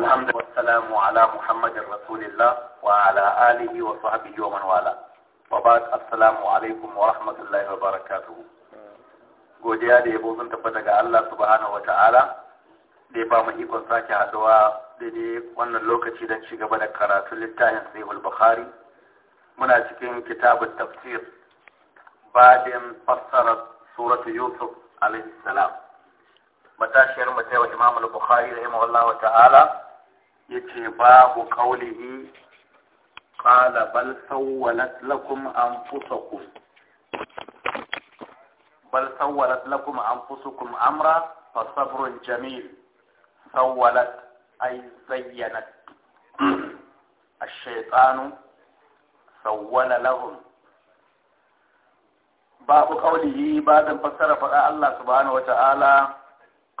الحمد والسلام على محمد رسول الله وعلى آله وصحبه ومن والاه وبعد السلام عليكم ورحمة الله وبركاته godiya da yabo sun tabbata ga Allah subhanahu wata'ala da ya ba mu ikon sake haduwa daidai wannan lokaci don ci gaba da karatun littafin sahihul bukhari muna cikin kitabun tafsir badin fassara suratu yusuf alaihi salam matashiyar mu ta yau imam al-bukhari rahimahullah ta'ala yace babu qaulihi qala bal sawwalat lakum anfusakum bal sawwalat lakum anfusukum amra fa sabrun jamil sawwalat ay zayyanat الشيطان سول لهم باب قوله بعد فسر فقال الله سبحانه وتعالى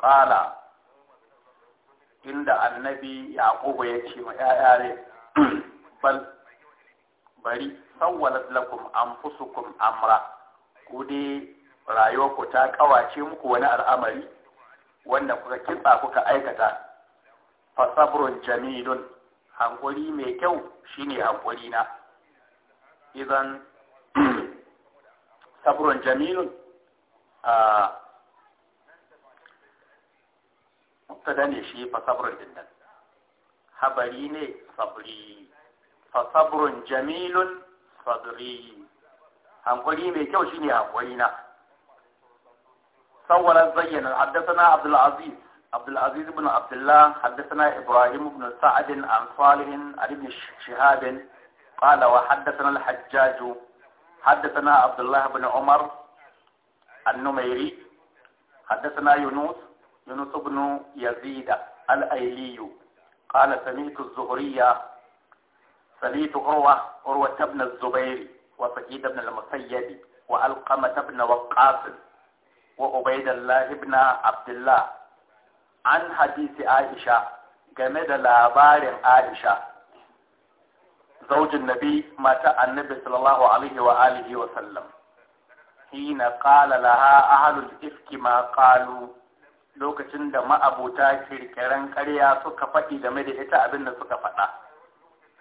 قال inda annabi yaqubu ya ce ma ya'ya bal bari sawwalat lakum anfusukum amra ku dai ku ta kawace muku wani al'amari wanda kuka kitsa kuka aikata fasabrun jamilun hankuri mai kyau shine hankuri na idan sabrun jamilun a ah, mubtada ne shi fa sabrun dinnan habari ne sabri fa sabrun jamilun sabri hankuri mai kyau shine hankuri na sawwala zayyana haddathana abdul aziz عبد العزيز بن عبد الله حدثنا إبراهيم بن سعد عن صالح عن ابن شهاب قال وحدثنا الحجاج حدثنا عبد الله بن عمر النميري حدثنا يونس يونس بن يزيد الأيلي قال سميت الزهرية سميت عروة عروة بن الزبير وسعيد بن المسيب وألقمة بن وقاص وعبيد الله بن عبد الله عن حديث عائشة جمد لابار عائشة زوج النبي مات النبي صلى الله عليه وآله وسلم حين قال لها أهل الإفك ما قالوا lokacin da ma'abuta kirkiran ƙarya suka faɗi game da ita abin da suka faɗa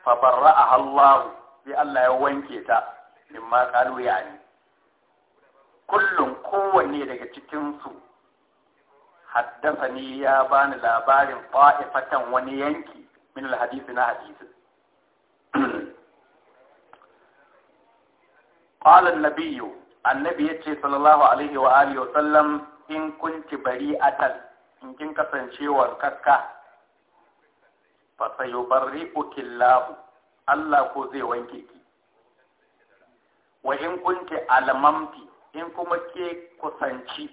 fa a Allah sai Allah ya wanke ta in ma mimma ya ne kullum kowanne daga cikinsu, su ne ya bani labarin fa'ifatan wani yanki min alhadisi na hadisi قال النبي nabiyyu annabi yace sallallahu alaihi wa in kunti bari atal in kin kasancewa kakka fa sayubarri ukillahu Allah ko zai wanke ki wa in kunti almamti in kuma ke kusanci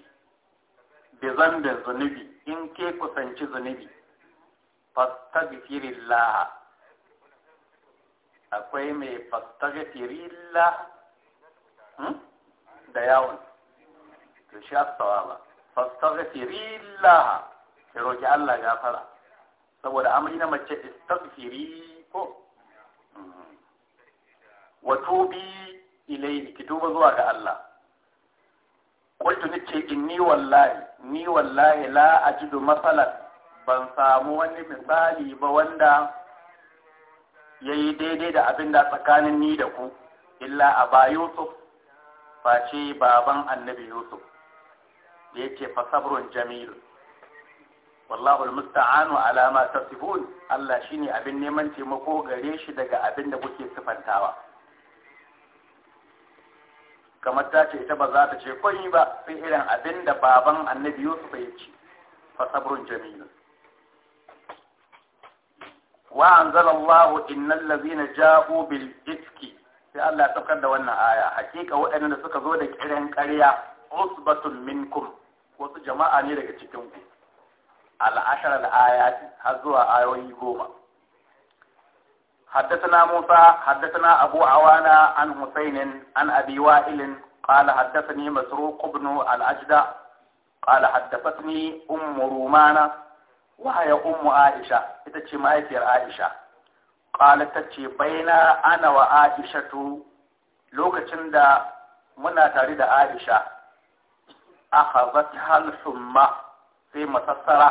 bi zambin zunubi in ke kusanci zunubi fastaghfirillah akwai mai fastaghfirillah hmm? da yawon to sha fastaghfirillah sai roki Allah gafara saboda Amina mace istaghfiri ko wa tubi ilayhi ki tuba zuwa ga Allah qultu nace inni wallahi ni wallahi la ajidu masalan ban samu wani misali ba wanda yayi daidai da abin da tsakanin ni da ku illa aba yusuf face baban annabi yusuf da yace fa sabrun jamil wallahu almusta'anu ala ma tasifun Allah shine abin neman taimako gare shi daga abin da kuke sifantawa kamar ta ce ita ba za ta ce kwai ba sai irin abin da baban annabi Yusuf ya ce fa sabrun jamil wa anzalallahu innal ladhina ja'u bil ifki sai Allah ya saukar da wannan aya hakika waɗanda da suka zo da kiran ƙarya usbatun minkum wasu jama'a ne daga cikin ku al'ashar al'ayati har zuwa ayoyi goma حدثنا موسى حدثنا أبو عوانة عن حسين عن أبي وائل قال حدثني مسروق بن الأجدع قال حدثتني أم رومانة وهي أم عائشة تتشي مايكر عائشة قال تتشي بين أنا وعائشة لوكتشن دا منا تريد عائشة akhazat hal sai masassara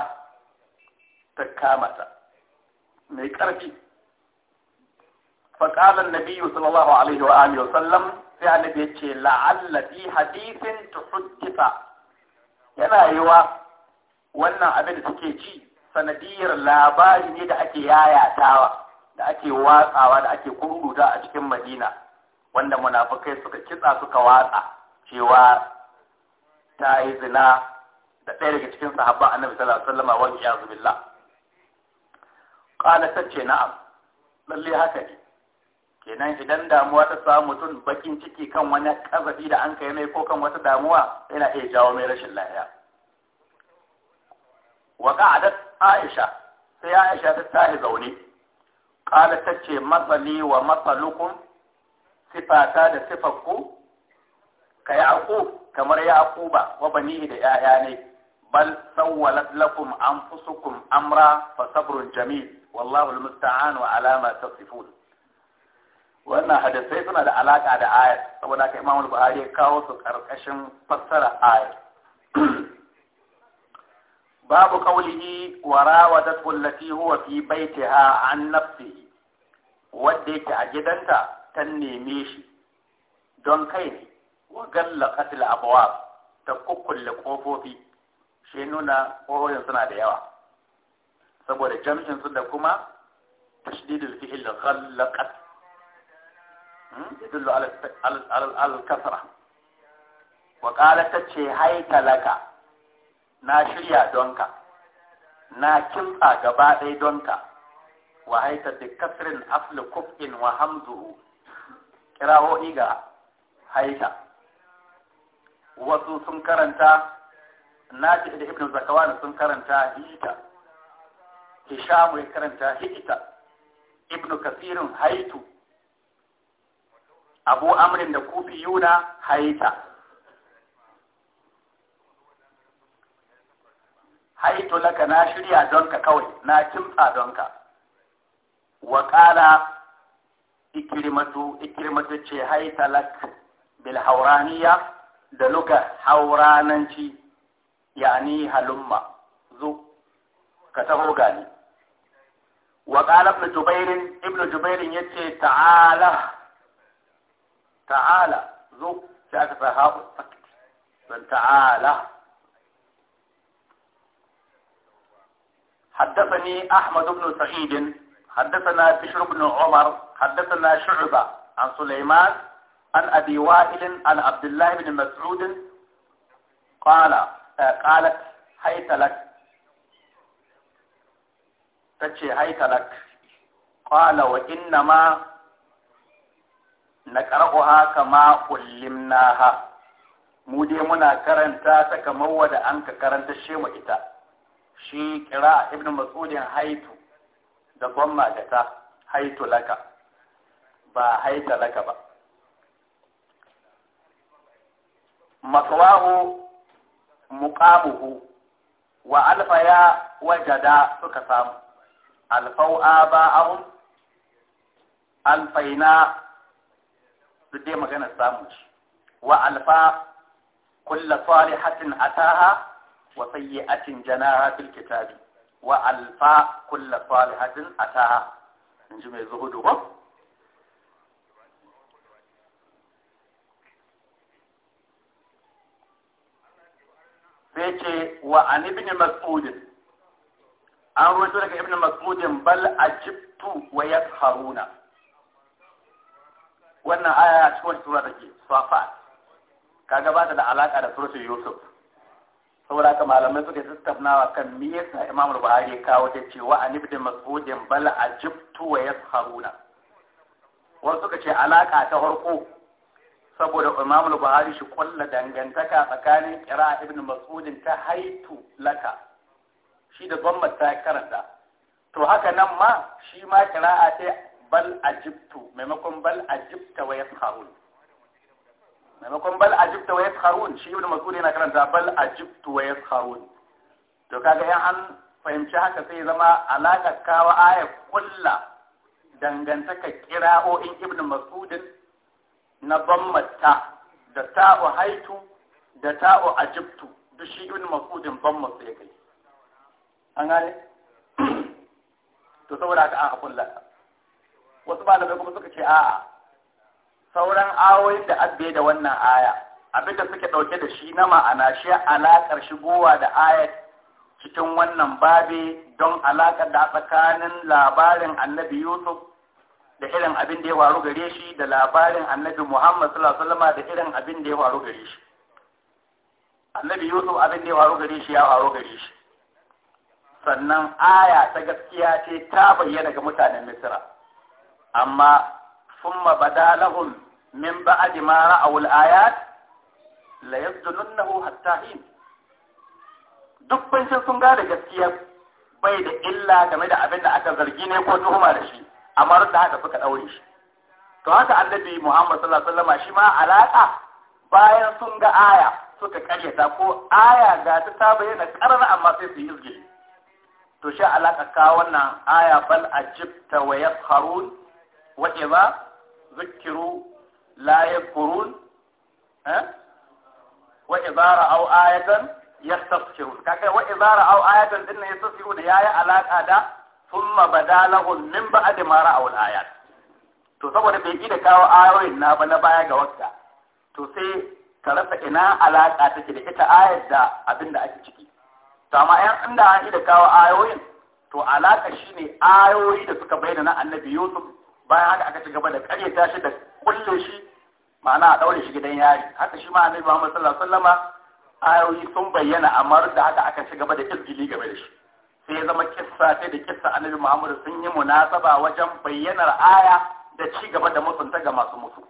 ta kama ta mai karfi فقال sallallahu alaihi wa alihi wa sallam sai annabi ya ce la'alla fi hadithin tuhuddisa yana yiwa wannan abin da suke ci sanadiyar labari ne da ake yayatawa da ake watsawa da ake kururuta a cikin madina wanda munafukai suka kitsa suka watsa cewa ta yi zina da ɗaya daga cikin sahabba annabi sallallahu alaihi wasallam wa iyyazu billah qala tace na'am lalle haka ne kenan idan damuwa ta samu mutum bakin ciki kan wani kazabi da an kai mai ko kan wata damuwa yana iya jawo mai rashin lafiya wa qa'adat aisha sai aisha ta tahi zaune qala tace masali wa masalukum sifata da sifakku ka yaqub kamar yaquba wa banihi da yaya ne bal sawwalat lakum anfusukum amra fa sabrun jamil wallahu almusta'an wa ala ma tasifun wannan hadisai suna da alaka da ayat saboda haka Imam al-Bukhari ya kawo su karkashin fassara ayat babu qawlihi wa rawadatu allati huwa fi baitiha an nafsihi wanda yake a gidanta ta neme shi don kai ne wa gallaqat al-abwab ta kukkulle kofofi shi nuna kofofin suna da yawa saboda jam'in su da kuma tashdidul fi'il ghallaqat hmm? yadullu ala al kasra wa ta ce haita laka na shirya donka na kimtsa gaba dai donka wa haita bi kasrin asli kuf'in wa hamzu kirawo iga haita wasu sun karanta nafi da ibn zakawani sun karanta hita hisham ya karanta hita ibn kasirin haitu abu amrin da kufi yuna haita haitu laka na shirya donka kawai na kimtsa donka wa kala ikirmatu ikirmatu ce haita lak hauraniya. da luka hauranci yani halumma zu ka taho gani wa qala ibn jubair ibn jubair yace ta'ala ta'ala zu sai aka fara ha'u dan ta'ala حدثني أحمد بن سعيد حدثنا بشر بن عمر حدثنا شعبة عن سليمان عن أبي وائل عن عبد الله بن مسعود قال قالت هيت لك تتشي هيت لك قال وإنما نقرأها كما علمناها mu dai muna karanta ta kamar wadda an ka ita shi kira ibn mas'udin haitu da gwamma da ta haitu laka ba haita ba maswahu muqamuhu wa alfa ya wajada suka samu alfau aba'ahum alfaina duk dai magana samu ci. wa alfa kulla salihatin ataha wa sayyi'atin janaha fil kitabi wa alfa kulla salihatin taha. in ji mai zuhudu ba sai ce wa an ibn mas'ud an ruwaito daga ibn mas'ud bal ajibtu wa yasharuna wannan aya ta cikin sura take safa ka gabata da alaka da suratul yusuf saboda haka malamai suka tattaunawa kan me yasa Imam Buhari ya kawo ta cewa an ibn mas'ud bal ajibtu wa yasharuna wasu suka ce alaka ta farko saboda imamul buhari shi kulla dangantaka tsakanin kira ibn mas'udin ta haitu laka shi da gwamnat ta karanta to haka nan ma shi ma kira'a ta bal ajibtu maimakon bal ajibta wa yasharun maimakon bal ajibta wa yasharun shi ibn mas'ud yana karanta bal ajibtu wa yasharun to kaga yan an fahimci haka sai zama alaka kawa aya kulla dangantaka kira'o'in ibn mas'udin na bammata da ta'u haitu da ta'u ajibtu duk shi ibn mafudin bammata ya kai an gane to saboda haka aka kulla wasu malamai kuma suka ce a'a sauran awoyin da abbe da wannan aya abinda suke dauke da shi na ma'ana shi alakar shigowa da ayat cikin wannan babe don alakar da tsakanin labarin annabi Yusuf da irin abin da ya waru gare shi da labarin annabi Muhammad sallallahu alaihi wasallam da irin abin da ya waru gare shi annabi Yusuf abin da ya waru gare shi ya waru gare shi sannan aya ta gaskiya ce ta bayyana ga mutanen Misra amma summa badalahum min ba'di ma ra'awul ayat la yasdunnahu hatta hin duk sun gane gaskiya bai da illa game da abin da aka zargi ne ko tuhuma da shi amma da haka suka ɗaure. shi to haka annabi Muhammad sallallahu alaihi wasallam shi ma alaka bayan sun ga aya suka karyata ko aya ga ta ta bayyana karana amma sai su yi izgili to shi alaka ka wannan aya bal ajibta wa yasharun wa idha zukiru la yakurun ha eh? wa idza ra'aw ayatan yastasfirun kaka wa idza ra'aw ayatan din ne da yayi alaka da thumma badalahum min ba'di ma ra'aw al-ayat to saboda bai yi da kawo ayoyin na ba na baya ga wakka to sai ka rasa ina alaka take da ita ayar da abin da ake ciki to amma yan inda an da kawo ayoyin to alaka shine ayoyi da suka bayyana na annabi Yusuf bayan haka aka ci gaba da ta shi da kulle shi ma'ana a daure shi gidan yari haka shi ma annabi Muhammad sallallahu alaihi wasallama ayoyi sun bayyana amma da haka aka ci gaba da izgili game da shi sai zama kissa sai da kissa annabi Muhammad sun yi munasaba wajen bayyanar aya da ci gaba da mutunta ga masu mutu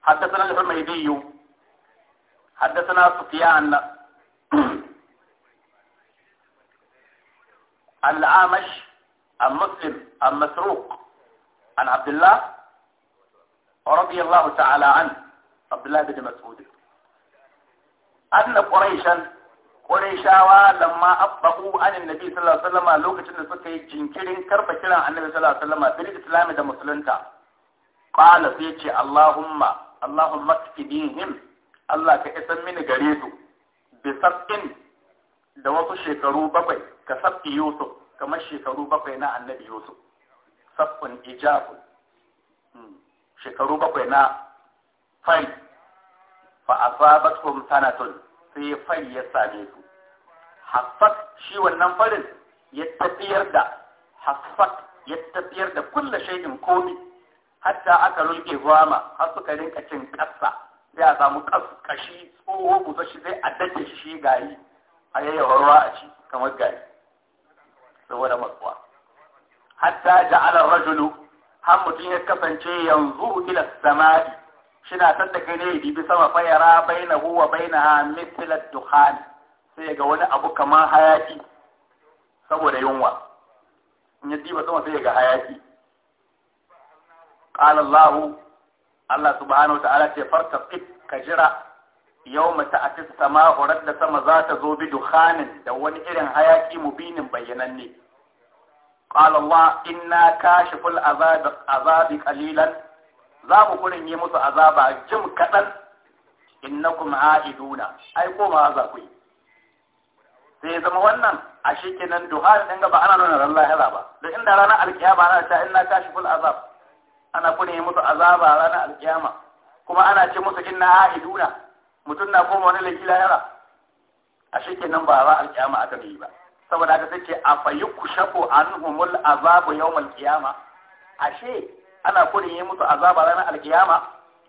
حدثنا الحميدي حدثنا سفيان الأعمش عن مسلم عن مسروق عن عبد الله رضي الله تعالى عنه عبد الله بن مسعود أن قريشا shawa lamma abbahu anin nabi sallallahu alaihi wasallam lokacin da suka yi jinkirin karba kiran annabi sallallahu alaihi wasallam bil islami da musulunta qala sai ya ce allahumma allahumma kfidihim Allah ka isan mini gare su bi sab'in da wasu shekaru bakwai ka sab'i yusuf kamar shekaru bakwai na annabi yusuf sab'un ijabu hmm, shekaru bakwai na fa asabatkum sanatun sai fari ya same su haffat shi wannan farin ya tafiyar da haffat ya tafiyar da kulla shaidin komi hatta aka rulke zuwama har suka rinka cin ƙasa sai a samu kashi tsoho busa shi sai a dace shi gari a yayyawa ruwa a ci kamar gari saboda matsuwa hatta ja'alar rajulu har mutum ya kasance yanzu ila samari. shina san da kai ne ya dibi sama fayara baina huwa baina ha mitlat dukhan sai ga wani abu kamar hayaki saboda yunwa in ya diba sama sai ga hayaki qala allah allah subhanahu wa ta'ala ce fartaqib ka jira a ta'ati sama horar da sama za ta zo bi dukhanin da wani irin hayaki mubinin bayyananne qala allah inna kashiful azabi azabi kalilan za mu kurin yi musu azaba jim kaɗan innakum a'iduna ai koma za ku yi sai zama wannan a shi duha din ga ba ana nuna ran lahira ba da inda ranar alkiyama ana ta inna kashiful azab ana kurin yi musu azaba ranar alkiyama kuma ana ce musu inna a'iduna mutum na koma wani laifi lahira a shi ba ra alkiyama aka yi ba saboda haka sai ce a fayyuku shako anhumul azabu yawmal qiyama ashe ana kodin yi musu azaba ranar alkiyama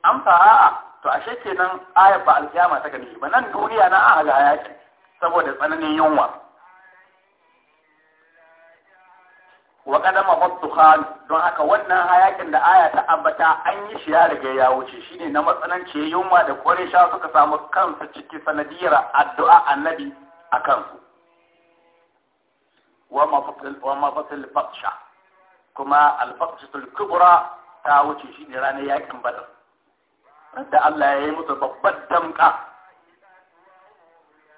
amsa a'a to ashe kenan ayar ba alkiyama ta gani ba nan duniya na a haga ce saboda tsananin yunwa wa kadama khan don haka wannan hayakin da aya ta ambata an yi shi ya riga ya wuce shine na matsananci yunwa da koresha suka samu kansu cikin sanadiyar addu'a annabi a kansu wa mafatil fatsha kuma alfaqatul kubra ta wuce shi ne ranar yakin badar da Allah ya yi musu babbar damka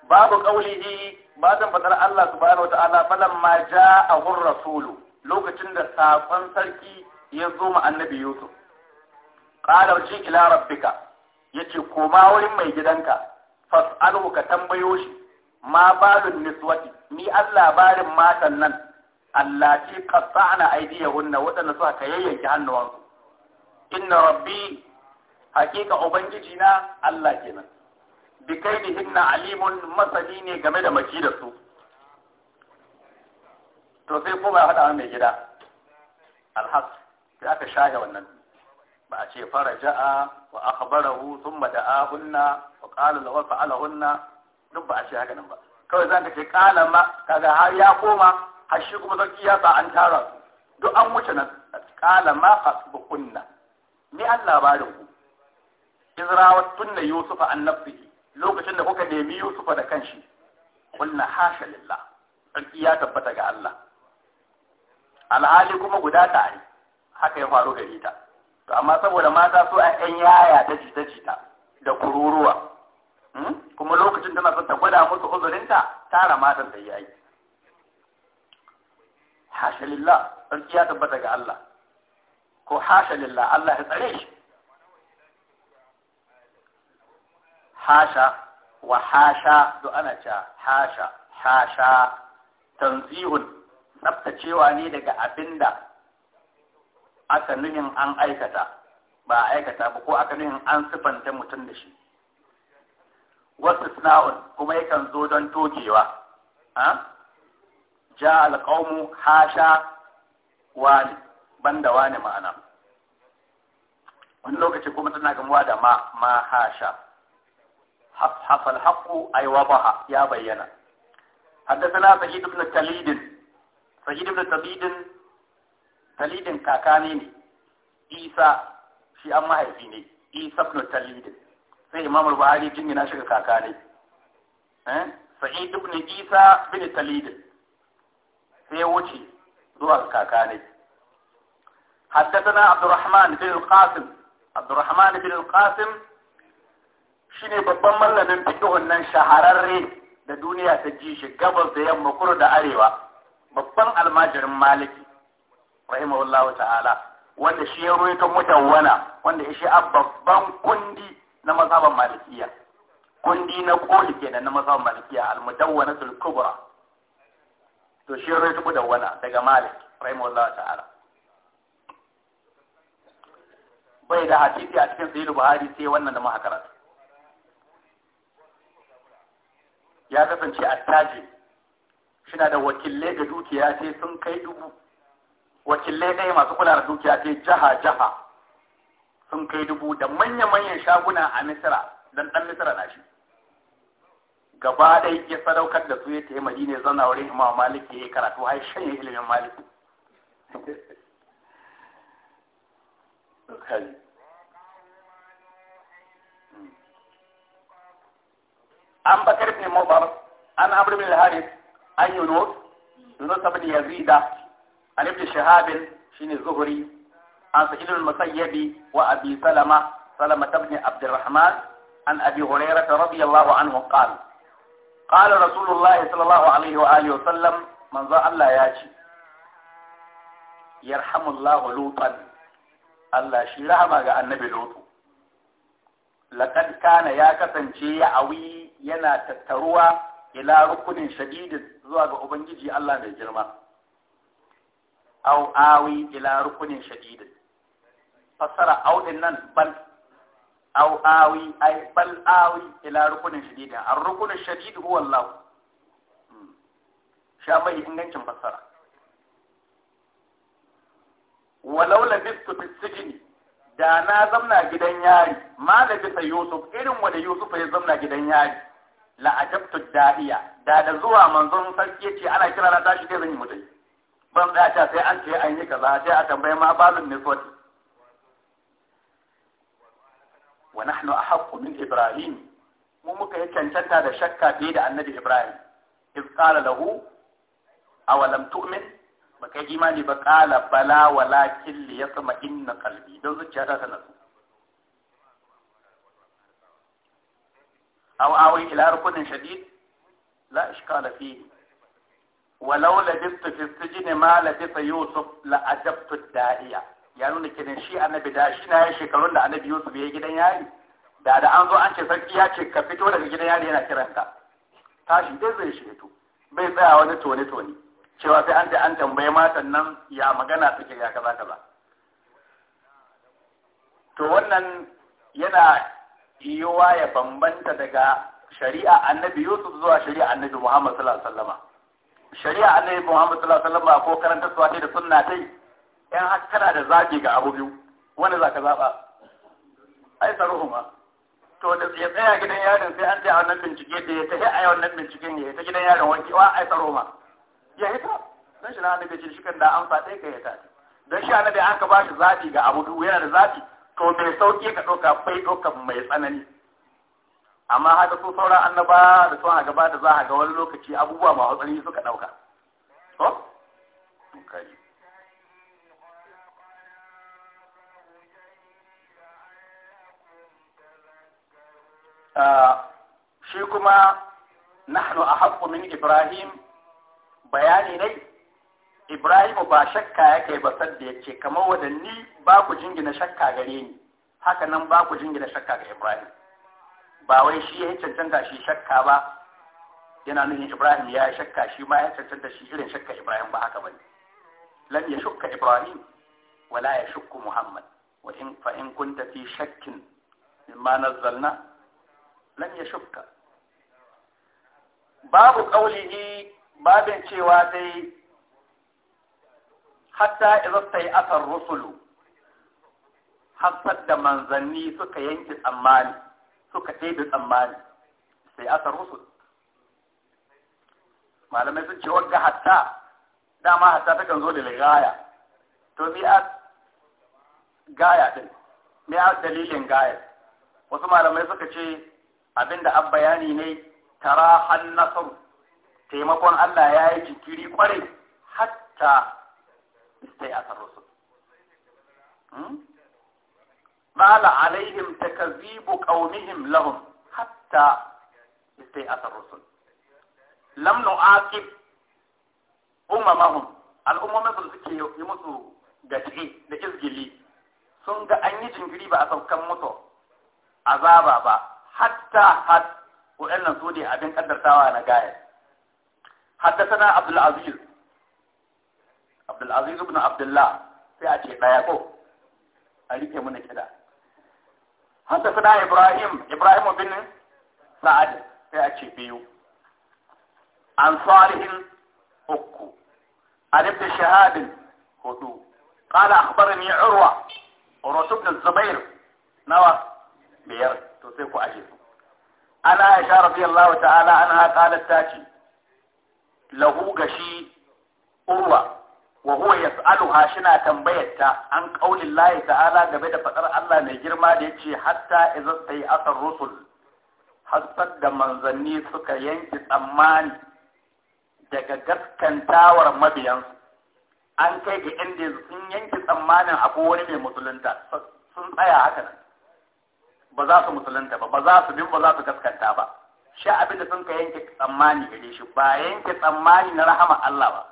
babu kaulihi ba zan fadar Allah subhanahu wata'ala falan ma ja'ahu rasulu lokacin da safan sarki ya zo ma annabi Yusuf qala ji ila rabbika yace koma wurin mai gidanka fas'alhu ka tambayo shi ma balun niswati ni Allah barin matan nan allaci qatta'na aydiyahunna waɗanda suka kayayyaki hannuwansu inna rabbi hakika ubangiji na Allah kenan bi kaidihinna alimun masani ne game da maci da su to sai kuma ya haɗa mai gida alhaq sai aka shahe wannan ba a ce faraja'a wa akhbarahu thumma da'ahunna wa qala lahu fa'alahunna duk ba a ce haka nan ba kawai zan ka ce qala ma kaga har ya koma Hashi kuma sarki ya sa an tara su duk an wuce nan kala ma kunna ni an labarin ku izrawa tunna yusufa an nafsihi lokacin da kuka nemi yusufa da kanshi kunna hasha lillah sarki ya tabbata ga Allah alhali kuma guda ai haka ya faru gari ta to amma saboda mata so a ɗan yaya ta jita jita da kururuwa hmm? kuma lokacin tana son ta gwada musu uzurinta tara matan da yi hasha lillah sarki ya tabbata ga Allah ko hasha lillah Allah ya tsare shi hasha wa hasha do ana cewa hasha hasha tanzihun tsaftacewa ne daga abinda aka nuhin an aikata ba aikata ba ko aka nuhin an sifanta mutum da shi wasu sna'un kuma yakan zo don tokewa ah? ja alƙaunu hasha wani banda wani ma'ana wani lokaci kuma tana muwa da ma ma hasha hafal haƙu a yi ya bayyana haddasana sahidun da talidin sahidun da talidin talidin kakane ne isa shi an mahaifi ne isa ibn talidin sai Imam imamul buhari jingina shiga kakane eh sa'id ibn isa bin talidin sai ya wuce zuwa kaka ne حدثنا عبد الرحمن بن القاسم عبد shine babban mallamin fiqhun nan shahararre da duniya ta ji shi gabas da yamma kudu da arewa babban almajirin maliki rahimahullahu ta'ala wanda shi ya ruwaito mudawwana wanda shi a babban kundi na mazhaban malikiya kundi na koli kenan na mazhaban malikiya al-mudawwanatul kubra to shi rai tuku wana daga malik rahimahullah ta'ala bai da hadisi a cikin sahihu buhari sai wannan da muka karanta ya kasance shi na da wakilai ga dukiya sai sun kai dubu wakilai dai masu kula da dukiya sai jaha jaha sun kai dubu da manya-manyan shaguna a misira don ɗan misira na shi gaba ɗaya ya sadaukar da su ya ta yi madina zana wurin imam malik ya yi karatu har shanye ilimin malik an bakar ibn mubar an amr ibn al-harith an yunus yunus ibn yazid an ibn shahab shine zuhri an sa'id ibn musayyibi wa abi salama salama ibn abd الرحمن عن أبي هريرة رضي الله عنه قال qala rasulullah sallallahu alaihi wa alihi wa sallam manzo Allah ya ce yarhamullahu lutan Allah shi rahama ga annabi lutu laqad kana ya kasance ya awi yana tattaruwa ila rukunin zuwa ga ubangiji Allah mai girma au awi ila rukunin shadidin fassara audin nan bal aw awi ay bal awi ila rukunin shadidin ar rukunin shadid huwa sha bai ingancin fassara walau labistu fi sijni da na zamna gidan yari ma labisa Yusuf irin wanda Yusuf ya zamna gidan yari la ajabtu da'iya da da zuwa manzon sarki ce, ana kirana na tashi zai zan yi mutai ban tsaya ta sai an ce an yi kaza sai a tambaye ma balun niswati ونحن أحق من إبراهيم ممكن هيك أن تنتهى شكا بيد أن نبي إبراهيم إذ قال له أو لم تؤمن بك إيماني بقال بلا ولكن ليطمئن قلبي دوز جهة نسو أو آوي إلى ركن شديد لا إشكال فيه ولو لبثت في السجن ما لبث يوسف لأدبت الداهية ya nuna kidan shi annabi da shi na shekarun da annabi Yusuf ya yi gidan yari da da an zo an ce sarki ya ce ka fito daga gidan yari yana kiranka. tashi dai zai shi fito bai tsaya wani tone tone cewa sai an ce an tambaye matan nan ya magana suke ya kaza kaza to wannan yana yiwuwa ya bambanta daga shari'a annabi Yusuf zuwa shari'a annabi Muhammad sallallahu alaihi wasallam shari'a annabi Muhammad sallallahu alaihi wasallam ko karanta suwa da sunna tai yan har kana da zaɓi ga abu biyu wani za ka zaɓa ai ma. to da ya tsaya gidan yarin sai an tsaya wannan bincike da ya tafi a wannan bincike ne ta gidan yarin wanki wa ai ma. ya hita dan shi na annabi ce shi kan da an faɗe ka ya tafi. Don shi da an ka bashi zaɓi ga abu biyu yana da zaɓi to mai sauƙi ka ɗauka bai ɗauka mai tsanani amma haka su sauran annaba da sun gaba da za a ga wani lokaci abubuwa ma hatsari suka ɗauka. Ko? Kai. Ah, shi kuma nahnu haƙƙo min ibrahim bayani ne ibrahim ba shakka yake ba sadda yake kamar wadanni ba ku jingina shakka gare ni haka nan ba ku jingina shakka ga ibrahim ba wai shi ya cancanta shi shakka ba yana nuna ibrahim ya shakka shi ma ya cancanta shi irin shakka ibrahim ba haka bane lam ya shukka ibrahim wala ya shukku muhammad wa in fa in kunta fi shakkin mimma nazzalna lan ya shukka babu ƙaunihi babin cewa dai hatta izasta yi asar rusulu hassar da manzanni suka yanki tsammani suka ɗebi tsammani sai asar rusul malamai sun ce wagga hatta dama hatta takan zo da ligaya to mi a gaya din mi a dalilin gaya wasu malamai suka ce abinda an bayani ne tara hannasar taimakon Allah ya yi jinkiri kwarai hatta sai a rusul hmm? mala alaihim ta zibu ƙaunihim lahun hatta sai a rusul Lamnu nu'aqib umamahum al'ummomin da suke yi musu gaci da izgili sun ga an yi jinkiri ba a saukan musu azaba ba hatta had wa'annan su ne abin kaddartawa na gaya حدثنا عبد العزيز عبد العزيز بن عبد sai a ce ɗaya ko a rike mana kida haddasa ibrahim ibrahim bin sa'ad sai a ce biyu an salihin uku an ibn shahadin hudu qala akhbarani urwa urwa ibn zubair nawa biyar to sai ku aje su ana ta'ala ana qalat ta ce lahu shi, urwa wa huwa shi na tambayar ta an ƙaunin lahi ta'ala game da fadar Allah mai girma da yace hatta idza sai asar rusul har da manzanni suka yanki tsammani daga gaskantawar mabiyansu an kai ga inda sun yanki tsammanin abu wani mai musulunta sun tsaya haka nan ba za su musulunta ba ba za su bin ba za su gaskanta ba shi abin da sun ka yanke tsammani gare shi ba yanke tsammani na rahama Allah ba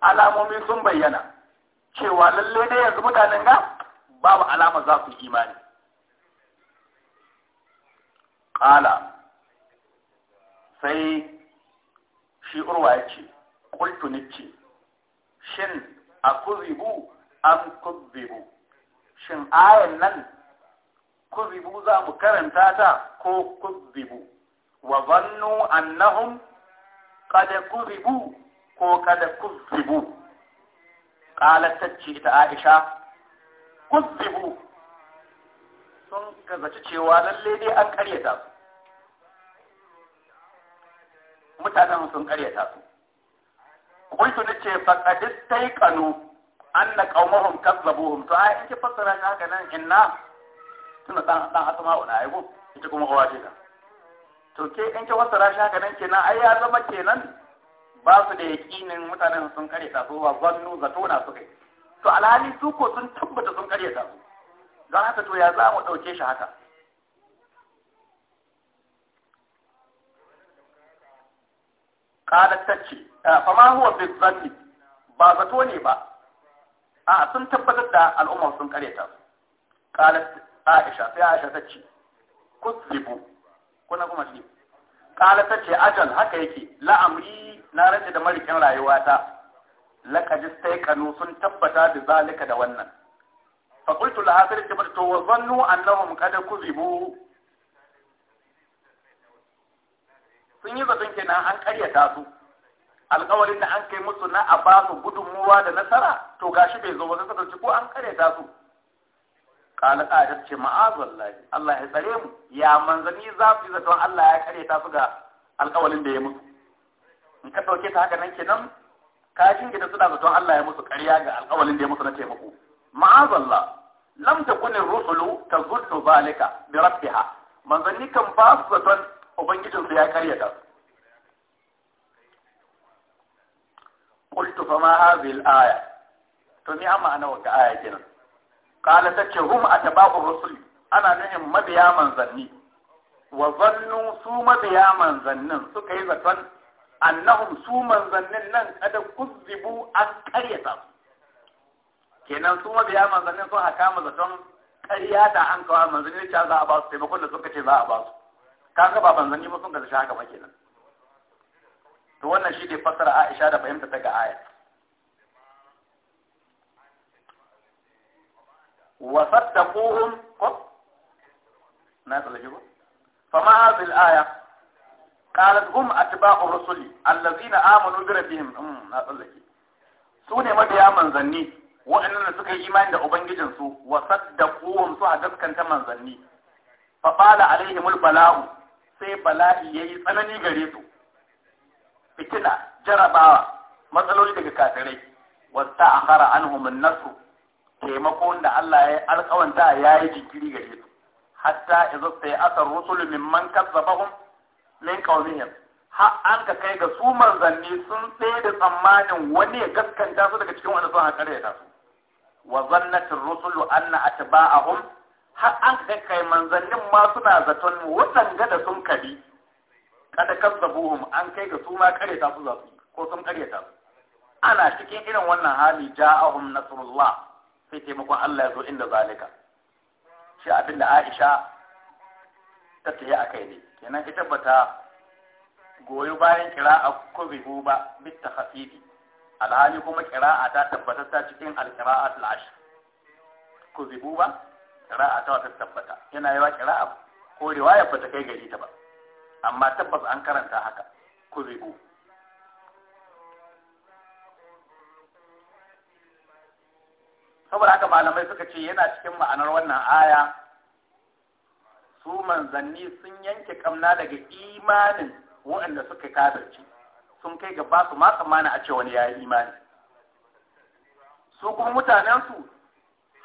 alamomi sun bayyana cewa lalle dai yanzu mutanen ga babu alama za su imani ƙala sai shi urwa ya ce ƙultu shin a kuzibu an kuzibu shin ayan nan kuzibu za mu karanta ta ko kuzibu wa zannu annahum kada kuzibu ko kada kuzibu qalat tacce ta Aisha kuzibu sun kazaci cewa lalle dai an karyata su mutanen sun karyata su kuntu nace faqad taiqanu anna qaumahum kazzabuhum to ai in ki fassara haka nan inna tunda dan dan asma wa na ko ita kuma uwa ce ta to ke in ka wasa shi haka nan kenan ai ya zama kenan ba su da yakinin mutanen sun kare ta su ba zannu zato na suka to alhali su ko sun tabbata sun kare ta su don haka to ya za mu ɗauke shi haka tacci fa fama huwa bi zanni ba zato ne ba a sun tabbatar da al'umma sun kare ta qalat Aisha sai Aisha ta ce kuzzibu kuna kuma shi, kala ta ce ajal haka yake la'amri na rage da marikin rayuwata sai kanu sun tabbata da zalika da wannan fa qultu laha ta wa zannu annahum qad kuzibu sun yi zaton kenan an karyata su alƙawarin da an kai musu na a ba su gudunmuwa da nasara to gashi bai zo ba sai suka ko an karyata su ce, Allah ya tsare mu ya الله za su yi zato Allah ya kare ta su ga alƙawalin da ya يموت in ka ɗauke ta haka nan kenan ka jingina suna zato Allah ya musu ƙarya ga alƙawalin da ya musu na taimako ma'azallah lam takuni rusulu tazullu zalika bi rabbiha manzanni kan ba su zato ubangijin su ya karya qultu fa ma hadhihi al-aya to ni amma ana wata aya kenan qala tace hum atba'u rusul ana nufin mabiya manzanni wa zannu su mabiya manzannin suka yi zaton annahum su manzannin nan kada kuzzibu an karyata kenan su mabiya manzannin sun haka mu zaton ƙarya da an kawo manzanni cewa za a ba su taimakon da suka ce za a ba su kaga ba manzanni ba sun gaza shi haka ba kenan to wannan shi ne fassara Aisha da fahimta ta ga aya wa saddaquhum ko na tsalaje ko fama hadhihi al-aya qalat hum atba'u rusuli allazina amanu hmm, na tsallake su ne mabiya manzanni waɗannan suka yi imani da ubangijinsu da saddaquhum su a gaskanta manzanni fa qala alaihimul bala'u sai bala'i yayi tsanani gare su fitina jarabawa matsaloli daga kafirai wasta akhara anhum an-nasr taimako da Allah ya alkawanta ya yi jinkiri gare su hatta izo sai asar rusul min man kazzabahum min qawmihim ha an ka kai ga su manzanni sun tsaye da tsammanin wani ya gaskanta su daga cikin wanda sun haƙar da su wa zannat rusulu anna atba'ahum ha an ka kai manzannin ma suna zaton wannan gada sun kabi kada kazzabuhum an kai ga su ma ta su za ko sun kareta su ana cikin irin wannan hali ja'ahum nasrullah sai taimakon Allah ya zo inda zalika shi abin da Aisha ta tafi a kai ne kenan ita bata goyi bayan kira'a kubihu ba bit takhafidi alhali kuma kira'a ta tabbata ta cikin alqira'atul ashr kubihu ba kira'a ta wata tabbata yana yawa kira'a ko riwaya bata kai gari ta ba amma tabbas an karanta haka kubihu malamai suka ce yana cikin ma'anar wannan aya su manzanni sun yanke kamna daga imanin waɗanda suka kafirci sun kai ga ba su ma tsammani a ce wani ya yi imani su kuma mutanensu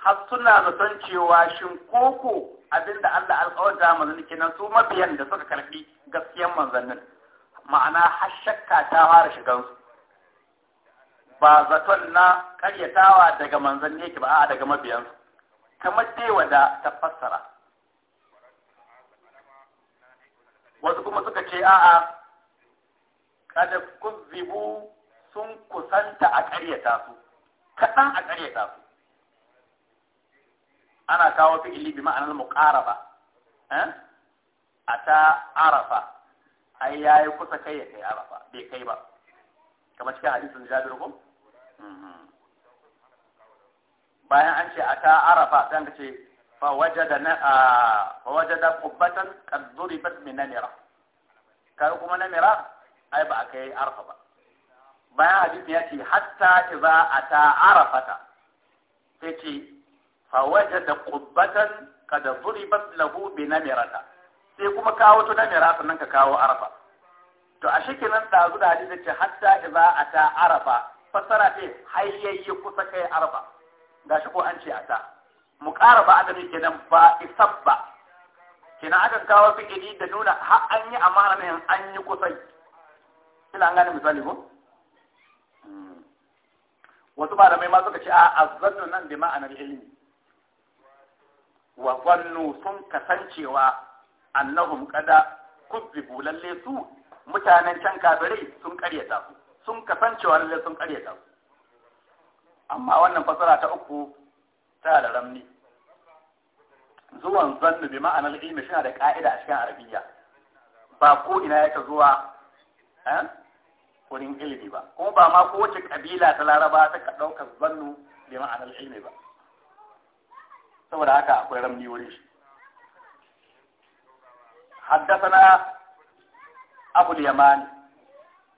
har suna zaton cewa shin koko abinda Allah alƙawarta manzanni kenan su mabiyan da suka karɓi gaskiyan manzannin ma'ana har shakka ta fara shigansu ba zaton na karyatawa daga manzanni yake ba a daga mabiyansu kamar dai wada ta fassara wasu kuma suka ce a'a kada kuzibu sun kusanta a karyata su kaɗan a karyata su ana kawo fi'ili bi ma'anar muqaraba eh ata arafa ai yayi kusa kai ya kai arafa bai kai ba kamar cikin hadisin Jabir ko bayan an ce a ta arafa sai ce fa wajada na fa wajada qubbatan qad duribat min namira kai kuma namira ai ba kai arafa ba bayan hadisi ya ce hatta idza ata ta. ta ce fa wajada qubbatan qad duribat lahu bi ta. sai kuma kawo to namira sannan ka kawo arafa to a shekinan da zuwa hadisi ce hatta idza ata arafa fassara ce hayayye kusa kai arba gashi ko an ce a ta mu ƙara ba adami kenan ba isab ba kenan akan kawo fikiri da nuna har an yi amana ne an yi kusai kila an gane misali ko hmm. wasu malamai ma suka ce a azzannu nan bi ma'anar ilimi wa zannu sun kasancewa annahum kada kuzzibu lalle su mutanen can kafirai sun karyata su sun kasancewa lalle sun karya ta amma wannan fasara ta uku ta da ramni zuwan zannu bi ma'anar ilmi shi da ka'ida a cikin arabiya ba ko ina yake zuwa eh, wurin ilimi ba kuma ba ma wace kabila ta laraba ta ka ɗaukar zannu bi ma'anar ilmi ba saboda haka akwai ramni wurin shi حدثنا أبو اليمان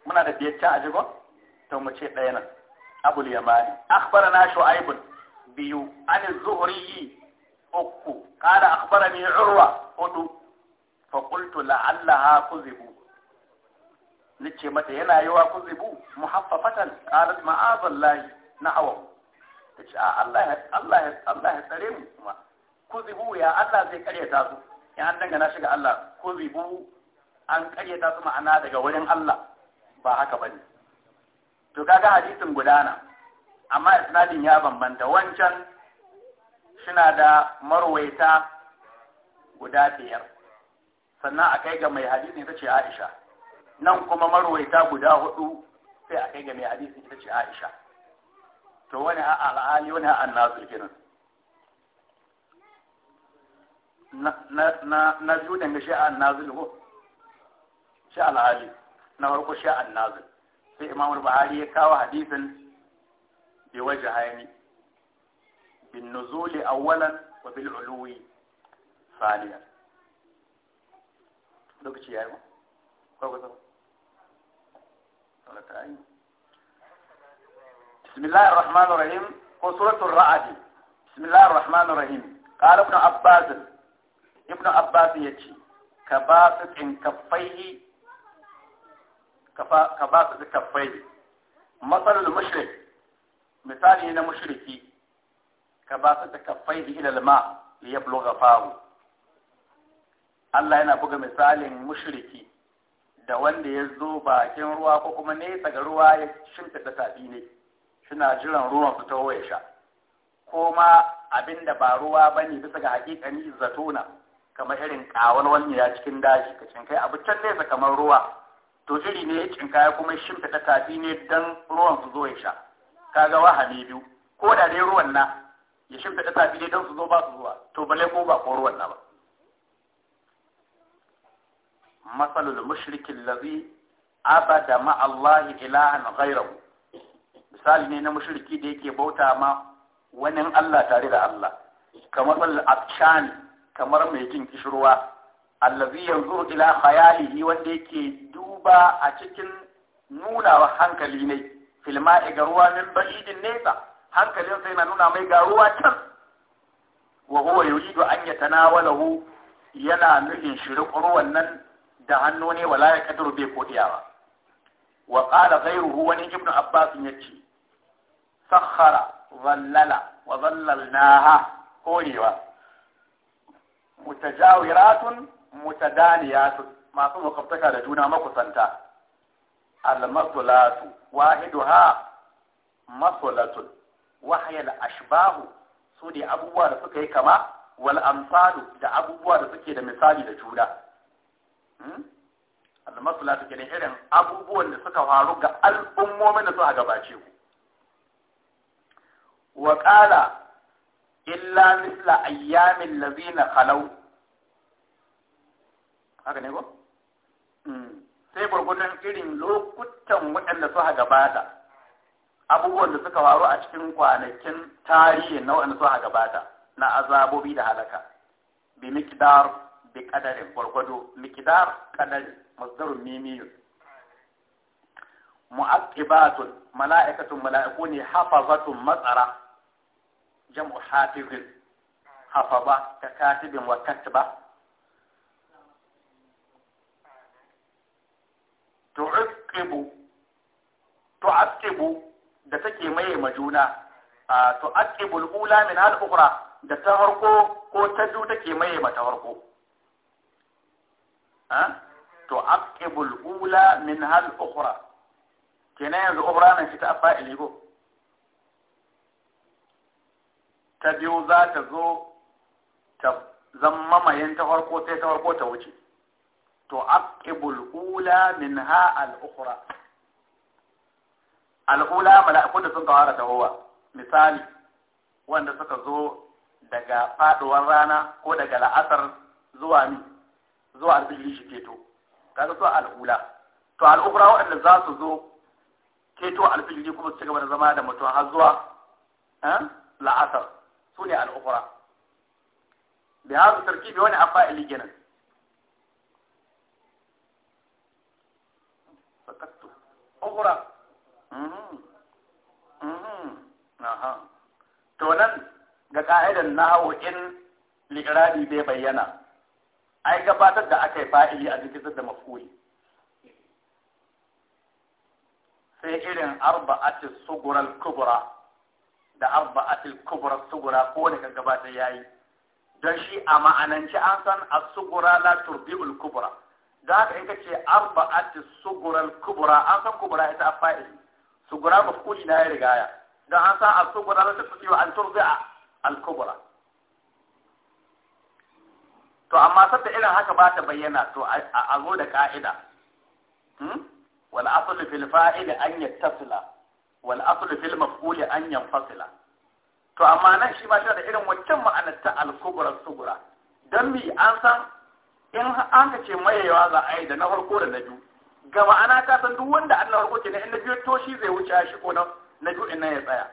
muna da biyar can a jigon to mu ce ɗaya nan abul yamani akhbarana shu'aib biyu an zuhri uku qala akhbarani urwa hudu fa qultu la'allaha kuzibu nace mata yana yawa kuzibu muhaffafatan qalat ma'azallahi na'aw tace a Allah ya Allah ya Allah ya tsare mu kuma kuzibu ya Allah zai karyata su ya an dangana shi ga Allah kuzibu an karyata su ma'ana daga wurin Allah ba haka bane to kaga hadisin gudana amma isnadin ya bambanta wancan suna da marwaita guda biyar sannan a kai ga mai hadisi ita ce Aisha nan kuma marwaita guda hudu sai a kai ga mai hadisi ita ce Aisha to wani ha al'ali wani ha annasu kiran na na na judan ga shi annasu ko shi al'ali na farko sha annazin sai imamul buhari ya kawo hadisin bi waje hayani bin nuzuli awwalan wa bil uluwi saniya lokaci yayi ko ko ko بسم الله الرحمن الرحيم وسورة الرعد بسم الله الرحمن الرحيم قال ابن عباس ابن عباس يتي كباسط إن كفيه ka ba su duka bai matsalar mushrik misali na mushriki ka ba su duka bai ila lima ya bloga faru. Allah yana buga misalin mushriki da wanda ya zo bakin ruwa ko kuma nesa ga ruwa ya da tafi ne suna jiran ruwan su taho ya sha ko ma abin da ba ruwa ba ne bisa ga hakikani na, kamar irin kawal wani ya cikin daji ka kai abu can nesa kamar ruwa to jiri ne ya cinka ya kuma shimfiɗa tafi ne don ruwan su zo ya sha kaga wahane biyu ko da dai ruwan na ya shimfiɗa tafi ne don su zo ba su zuwa to balai ko ba ko ruwan na ba masalul mushrikin lazi abada ma'allahi ilahan ghairahu misali ne na mushriki da yake bauta ma wani Allah tare da Allah kamar al-abshani kamar mai jin kishirwa allazi yanzu ila khayalihi wanda yake duba a cikin nunawa hankali ne filma ga ruwa min ba'idin nesa hankalin sai na nuna mai ga ruwa can wa huwa yuridu an yatanawalahu yana nufin shirin ruwan nan da hannu ne wala ya kadaru bai kodiyawa wa qala ghayruhu wani ibnu abbas yace sakhara zallala wa zallalnaha korewa mutajawiratun mutadaniya masu makwabtaka da juna makusanta al-masulatu wahiduha masulatun wahayal ashbahu su ne abubuwa da suka yi kama wal amsalu da abubuwa da suke da misali da juna hmm? almasulatu ke da irin abubuwan da suka faru ga al'ummomin da suka gabace ku wa qala illa misla ayyamin lazina khalau haka ne ko hmm. sai gwargwadon irin lokutan waɗanda suka gabata abubuwan da suka faru a cikin kwanakin tarihi na waɗanda suka gabata na azabobi da halaka bi miqdar bi qadarin gwargwado miqdar qadari masdarun mimiyu mu'aqibatun mala'ikatun mala'iku ne hafazatun matsara jam'u hafizin hafaba ka katibin wa katba tu'aqibu da take maye majuna tu'aqibu al-ula min al-ukhra da ta farko ko ta biyu take maye mata farko ha tu'aqibu al-ula min al-ukhra kenan yanzu ukhra nan shi ta fa'ili go ta biyu za ta zo ta zama mayen ta farko sai ta farko ta wuce To min ha تعقب الأولى منها الأخرى الأولى ملائكون ta هو misali wanda suka zo daga faduwar rana ko daga la'asar zuwa ni zuwa alfijiri shi keto kaga su al'ula to al'ukura waɗanda za su zo keto alfijiri kuma su cigaba da zama da mutum har zuwa eh, la'asar su ne al'ukura bi hazu tarkibi wani abba iliginan kubra mm-hmm. mm-hmm. to nan ga ka'idar nahawu in li'irabi bai bayyana ai gabatar da aka yi fa'ili a jikin da mafuli sai irin arba'atil sugural kubra da arba'atil kubra sugura ko da kan gabatar yayi don shi a ma'ananci an san as-sugura la turbi'ul kubra Za ka in kace ce an ba'ati sugural kubura an san kubura ita an fa'ili sugura mafkuli na ya rigaya don an san al sugura na ta tsaye an turza al kubura to amma sabda irin haka ba ta bayyana to a zo da ka'ida hmm? wal aslu fil fa'il an yattasila wal aslu fil maf'ul an yanfasila to amma nan shi ba shi da irin wancan ma'anar ta al kubura sugura dan mi an san in an ka ce mayewa za a yi da na farko da na biyu ga ma'ana ka san duk wanda an na farko ke in na biyu to shi zai wuce shi ko na biyu in nan ya tsaya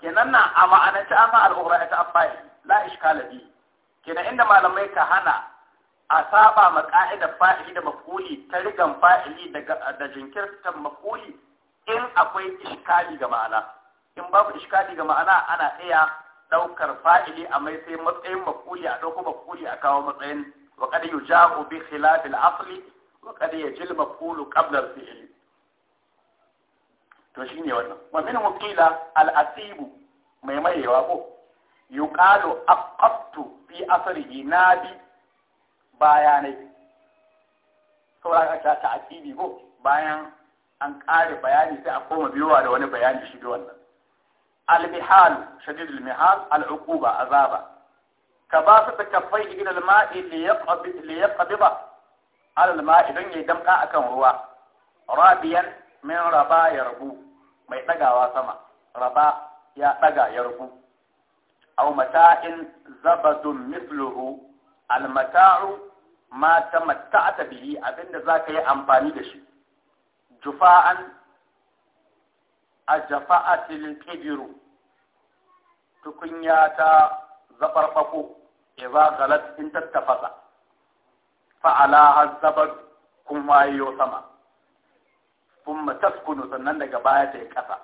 kenan na a ma'ana ta amma al'ura ta afai la iskala bi kenan inda malamai ka hana a saba ma ka'idar fa'ili da maf'uli ta rigan fa'ili daga da jinkirtar maf'uli in akwai iskali ga ma'ana in babu iskali ga ma'ana ana iya ɗaukar fa'ili a mai sai matsayin maf'uli a ɗauko maf'uli a kawo matsayin وقد يجاء بخلاف الأصل وقد يجي المفعول قبل الفعل to shine wannan wa min qila al asibu mai mayewa ko yuqalu aqattu fi asrihi nabi bayanai saboda ka ta asibi ko bayan an kare bayani sai a koma biyowa da wani bayani shi da wannan al mihal shadidul mihal al uquba azaba ka ba su ta kafai ila al-ma'i li yaqbid li yaqbiba ala al-ma'i dan yayi damka akan ruwa rabiyan min raba ya rubu mai ɗagawa sama raba ya ɗaga ya rubu aw mata'in zabadun mithluhu al-mata'u ma tamatta'ta bihi abinda zaka yi amfani da shi jufa'an ajfa'atil kibru tukunya ta zafarfako idza ghalat in tattafasa fa ala hazabat kuma yayyo sama thumma taskunu sannan daga baya ta yi kasa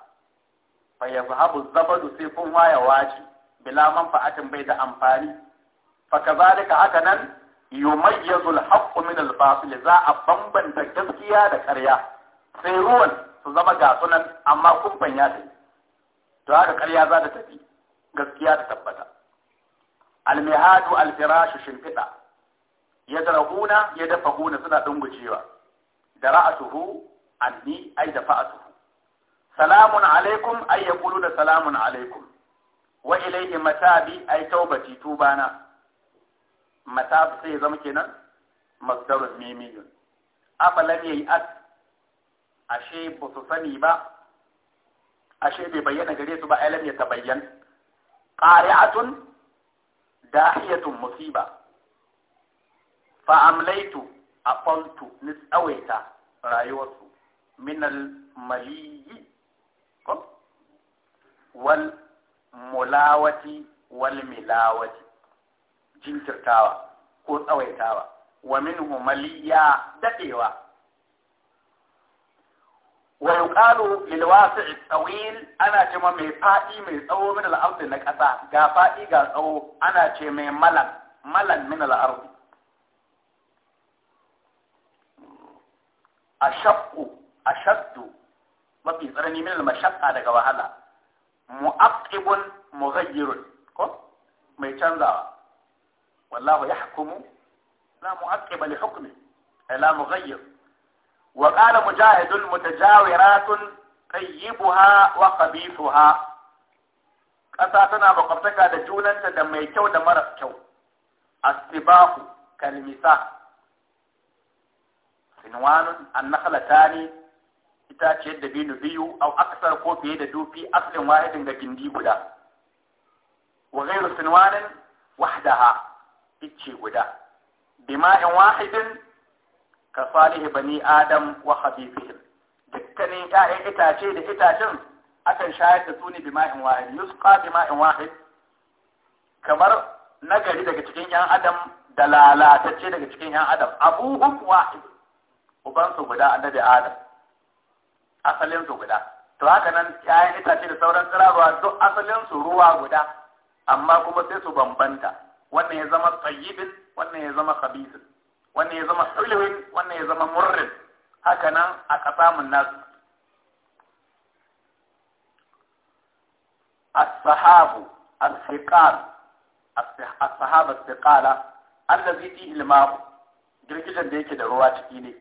fa yazhabu zabadu sai kun waya waci bila manfa'atin bai da amfani fa kazalika haka nan yumayyizu al-haqqu al-batil za a bambanta gaskiya da ƙarya sai ruwan su zama ga sunan amma kumfan ya tafi to haka karya za ta tafi gaskiya ta tabbata almihadu alfirashu shimfiɗa ya zarahuna ya dafa huna suna ɗungucewa da ra'atuhu anni ai da fa'atuhu salamun alaikum ai ya kulu da salamun alaikum wa ilaihi matabi ai taubati tubana Matabi sai ya zama kenan masdarun mimiyun afalan yayi at ashe ba su sani ba ashe bai bayyana gare su ba alam ya tabayyan qari'atun dahiyatun musiba fa amlaitu aqaltu ni tsawaita rayuwarsu minal maliyi wal mulawati wal milawati jinkirtawa ko tsawaitawa wa minhu maliya dadewa ويقال للواسع الطويل انا كما مي فائي مي تصو من الارض لك غا فائي غا تصو انا كما مي ملن ملن من الارض اشق اشد مبي زرني من المشقه دغ وهلا مؤقب مغير كو مي تشانزا والله يحكم لا مؤقب لحكمه لا مغير وقال مجاهد متجاورات طيبها وقبيحها قصاتنا بقبتك هذا جولا تدميكو دمرفكو السباق كالمساء سنوان النخلة ثاني إتاك يد بين بيو أو أكثر قوب يد دو في أصل واحد عند جندي بدا وغير سنوان وحدها إتشي بدا بماء واحد ka salih bani adam wa habibihim dukkanin ƴaƴan itace da itacen akan shayar da su ne bi ma'in wahid yusqa bi ma'in wahid kamar nagari daga cikin ƴan adam da lalatacce daga cikin ƴan adam abuhum wahid uban su guda annabi adam asalin su guda to haka nan ƴaƴan itace da sauran tsirarwa duk asalin su ruwa guda amma kuma sai su bambanta wannan ya zama tsayibin wannan ya zama khabisin wannan ya zama sulwin wannan ya zama murrin haka nan a kasamun nasu as الثقال الصحاب الثقال allazi fi الماء girgijen da yake da ruwa ciki ne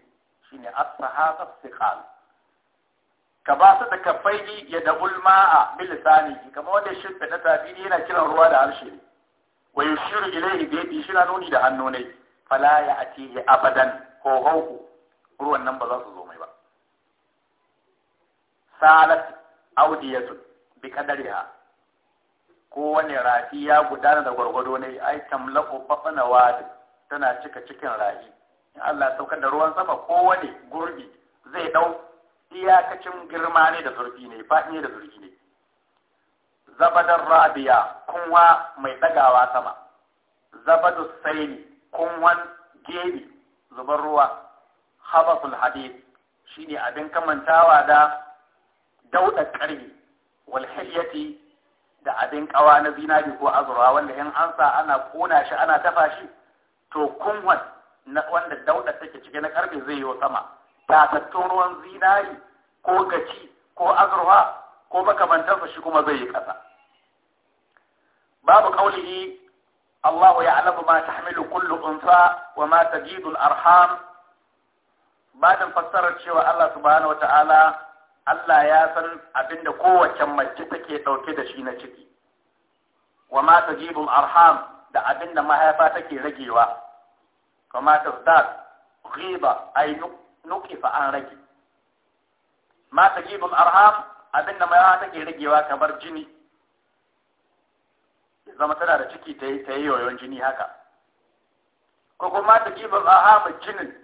shine as-sahaba thiqal ka ba su da kafaiji ya da ulma'a bil lisani kamar wanda shi da tabi yana kiran ruwa da harshe wa yushiru ilayhi bi yadi shi na nuni da hannu ne fala ya atihi abadan ko hauku ruwan nan ba za su zo mai ba salat audiyatu bi kadariha kowane rafi ya gudana da gwargwado ne ai tamlaku fafana wadi tana cika cikin rafi in Allah saukar da ruwan sama kowane gurbi zai dau iyakacin girma ne da zurfi ne faɗi ne da zurfi ne zabadar rabiya kunwa mai ɗagawa sama zabadu saini kunwan geri zubar ruwa habasul hadid shine abin kamantawa da dauda karbi wal da abin kawa na zinari ko azurwa wanda in an sa ana kona shi ana tafa shi to kun na wanda dauda take cike na karbe zai yi sama tatattun ruwan zinari ko gaci ko azurwa ko makamantarsa shi kuma zai yi ƙasa. babu kaulihi الله يعلم ما تحمل كل أنثى وما تجيد الأرحام بعد فسرت شوى الله سبحانه وتعالى Allah ya san abin kowace mace take ɗauke da shi na ciki, wa ma ta arham da abin da mahaifa take ragewa, kama ta zdad, riba, ai nukifa an rage. Ma ta arham ragewa kamar jini, zama tana da ciki ta yi yoyon jini haka ko kuma ta kiba ba ha jinin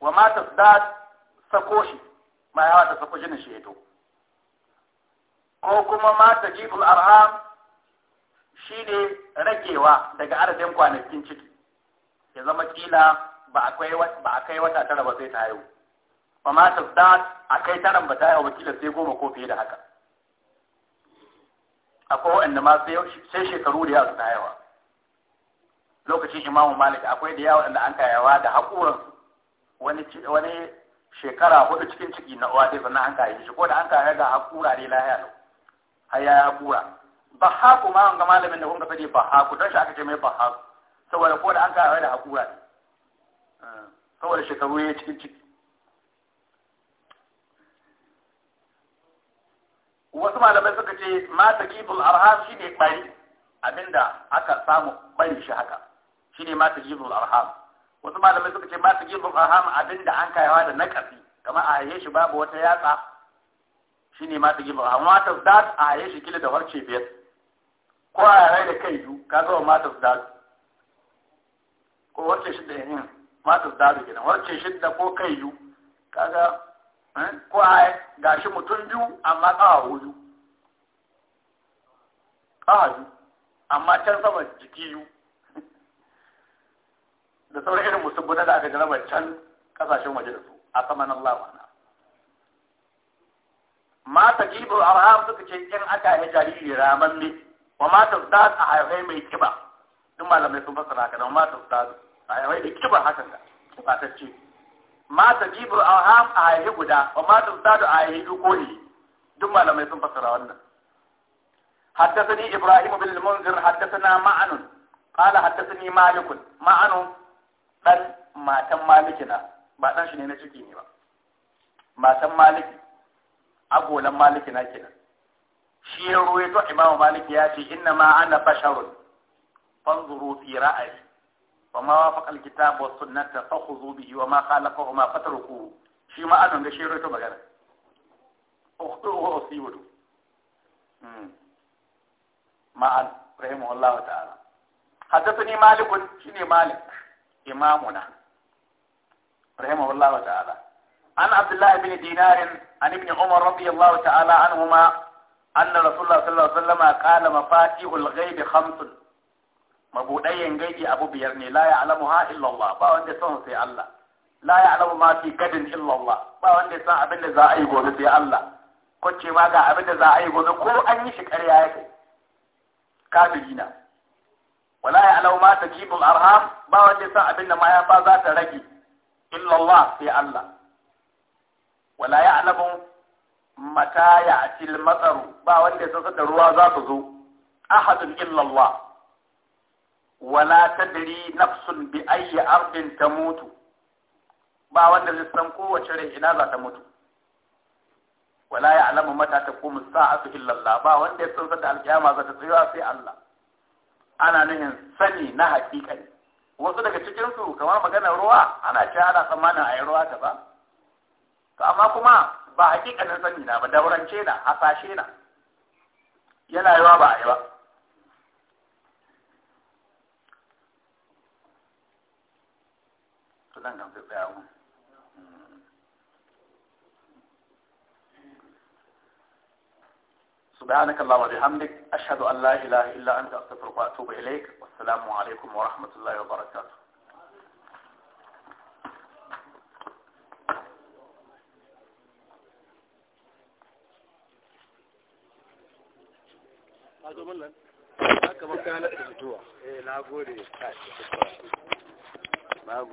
wa ma ta da sako shi ma yawa ta sako jinin shi ya ko kuma ma ta ba ha shi ne ragewa daga arzikin kwanakin ciki ya zama kila ba a kai wata tara ba sai ta haihu ba ma ta da a kai taran ba ta haihu ba kila sai goma ko fiye da haka akwai wanda ma sai shekaru da yawa suna yawa lokacin imamu malik akwai da yawa da an kayawa da haƙuran wani wani shekara hudu cikin ciki na uwa sai sannan an kayi shi ko da an kayi ga haƙura ne lahiya lau har ya haƙura ba haku ma an ga malamin da kun ka sani ba haku don shi aka ce mai ba haku saboda ko da an kayi da haƙura ne eh, saboda shekaru ya cikin ciki wasu malamai suka ce ma taqibul arham ne bari abinda aka samu bari shi haka ne ma taqibul arham wasu malamai suka ce ma taqibul arham abinda an kaiwa da nakasi kamar a haye shi babu wata yatsa Shi ne ma taqibul arham ma zat a haye shi kila da warce biyar ko a rai da kai biyu ka ga ma zat ko warce shi da yin eh, ma tasdad kenan warce shi da ko kai biyu kaga Eh? ko a gashi mutum biyu amma ƙawa hudu ƙawa amma can sama jiki biyu da sauran irin musubbuna da aka jarabar can ƙasashen waje da su a saman Allah wa mata a arham suka ce in aka yi jariri raman ne wa mata zad a haifai mai kiba duk malamai sun fasa haka da mata zad a haifai da kiba hakan da ba ta ce ma ta jibu a ham a haihi guda ba ma ta sadu a haihi ko koli duk malamai sun fasara wannan haddathani ibrahim bin munzir haddathana ma'anun qala haddathani malikun. ma'anu dan matan malikina ba dan shi ne na ciki ne ba matan malik agolan malikina kenan shi ya ruwaito imamu Maliki ya ce inna ma ana basharun fanzuru fi ra'ayi وما وافق الكتاب والسنة فخذوا به وما خالقهما فتركوه شيء ما أدن ده شيء رأيته بغيره أخطوه وأصيبه ما أن رحمه الله تعالى حدثني مالك شيني مالك إمامنا رحمه الله تعالى عن عبد الله بن دينار عن ابن عمر رضي الله تعالى عنهما أن رسول الله صلى الله عليه وسلم قال مفاتيح الغيب خمس mabuɗayyan gaibi abu biyar ne la alamu ha illallah, ba wanda ya san sai Allah la ya'lamu ma fi gadin illallah, ba wanda ya san abin da za a yi gobe sai Allah ko ce ma ga abin da za a yi gobe ko an yi shi ƙarya ya kai kafiri na wala alamu ma tajibul arham ba wanda ya san abin da mayafa za ta rage illa Allah sai Allah wala ya'lamu mata ya'til matsaru ba wanda ya san da ruwa za su zo ahadun illa Allah wala tadri nafsun bi ayyi ardin tamutu ba wanda zai san kowace rai ina za ta mutu wala ya'lamu mata taqumu sa'atu illa Allah ba wanda ya san sanda alkiyama za ta tsaya sai Allah ana nuhin sani na hakikani wasu daga cikin su kamar maganar ruwa ana ce ana tsammanin yi ruwa ta ba to amma kuma ba hakikanin sani na ba daurance na hasashe na yana yawa ba a yi ba zan kan tsaya mu سبحانك اللهم وبحمدك أشهد أن لا إله إلا أنت أستغفرك وأتوب إليك والسلام عليكم ورحمة الله وبركاته Na gode.